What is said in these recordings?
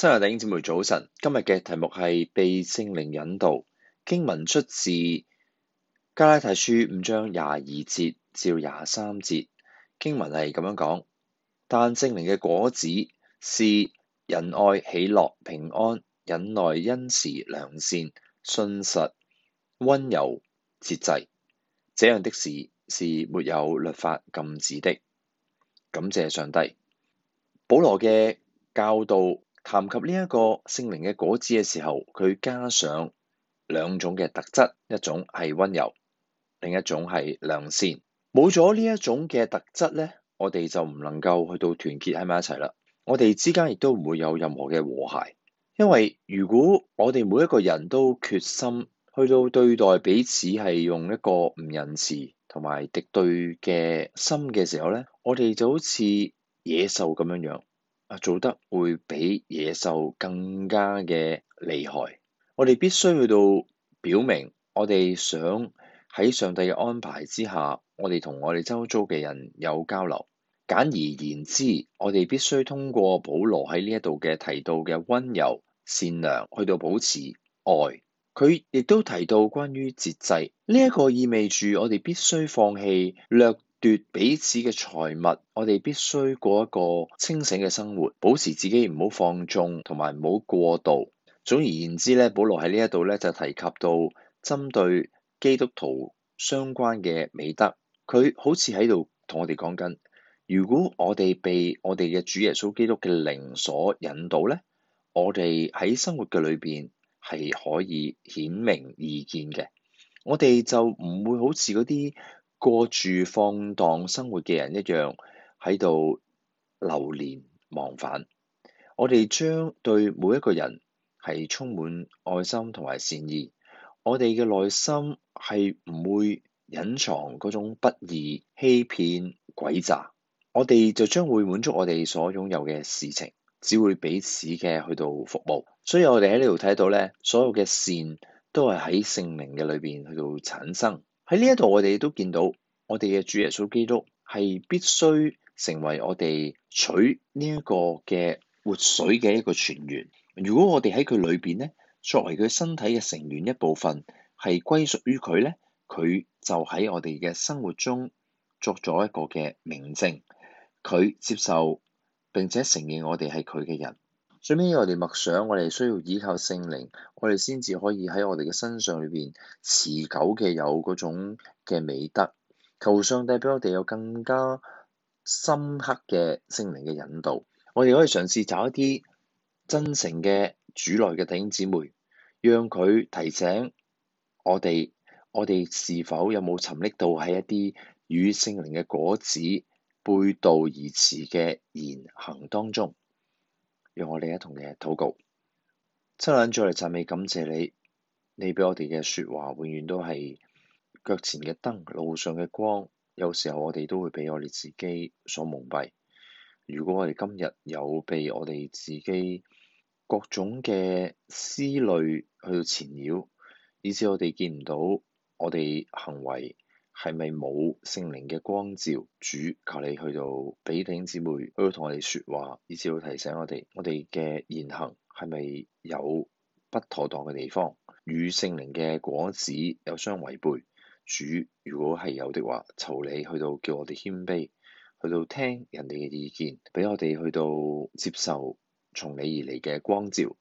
親愛的姐妹早晨，今日嘅題目係被聖靈引導，經文出自加拉太書五章廿二節至廿三節，經文係咁樣講：但聖靈嘅果子是仁愛、喜樂、平安、忍耐、恩慈、良善、信實、溫柔、節制，這樣的事是沒有律法禁止的。感謝上帝，保羅嘅教導。談及呢一個聖靈嘅果子嘅時候，佢加上兩種嘅特質，一種係温柔，另一種係良善。冇咗呢一種嘅特質咧，我哋就唔能夠去到團結喺埋一齊啦。我哋之間亦都唔會有任何嘅和諧，因為如果我哋每一個人都決心去到對待彼此係用一個唔仁慈同埋敵對嘅心嘅時候咧，我哋就好似野獸咁樣樣。做得會比野獸更加嘅厲害。我哋必須去到表明，我哋想喺上帝嘅安排之下，我哋同我哋周遭嘅人有交流。簡而言之，我哋必須通過保羅喺呢一度嘅提到嘅温柔、善良，去到保持愛。佢亦都提到關於節制，呢一個意味住我哋必須放棄略奪彼此嘅財物，我哋必須過一個清醒嘅生活，保持自己唔好放縱，同埋唔好過度。總而言之咧，保羅喺呢一度咧就提及到針對基督徒相關嘅美德，佢好似喺度同我哋講緊，如果我哋被我哋嘅主耶穌基督嘅靈所引導咧，我哋喺生活嘅裏邊係可以顯明意見嘅，我哋就唔會好似嗰啲過住放蕩生活嘅人一樣喺度流連忘返。我哋將對每一個人係充滿愛心同埋善意。我哋嘅內心係唔會隱藏嗰種不義、欺騙、詭詐。我哋就將會滿足我哋所擁有嘅事情，只會彼此嘅去到服務。所以我哋喺呢度睇到咧，所有嘅善都係喺聖靈嘅裏邊去到產生。喺呢一度，我哋都見到，我哋嘅主耶穌基督係必須成為我哋取呢一個嘅活水嘅一個泉源。如果我哋喺佢裏邊咧，作為佢身體嘅成員一部分歸屬於，係歸屬於佢咧，佢就喺我哋嘅生活中作咗一個嘅明證。佢接受並且承認我哋係佢嘅人。最尾，我哋默想，我哋需要依靠聖靈，我哋先至可以喺我哋嘅身上裏邊持久嘅有嗰種嘅美德，求上帝俾我哋有更加深刻嘅聖靈嘅引導，我哋可以嘗試找一啲真誠嘅主內嘅弟兄姊妹，讓佢提醒我哋，我哋是否有冇沉溺到喺一啲與聖靈嘅果子背道而馳嘅言行當中。讓我哋一同嘅禱告，親，再嚟讚美感謝你，你俾我哋嘅說話永遠都係腳前嘅燈，路上嘅光。有時候我哋都會俾我哋自己所蒙蔽。如果我哋今日有被我哋自己各種嘅思慮去到纏繞，以致我哋見唔到我哋行為。係咪冇聖靈嘅光照？主求你去到畀弟兄姊妹，佢會同我哋説話，以至會提醒我哋，我哋嘅言行係咪有不妥當嘅地方，與聖靈嘅果子有相違背？主如果係有的話，求你去到叫我哋謙卑，去到聽人哋嘅意見，畀我哋去到接受從你而嚟嘅光照。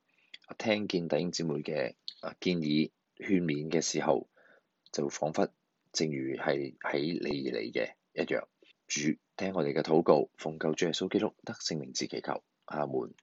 啊，聽見弟兄姊妹嘅建議勸勉嘅時候，就彷彿。正如係喺你而嚟嘅一樣，主聽我哋嘅禱告，奉救主耶穌基督得勝名字祈求，阿門。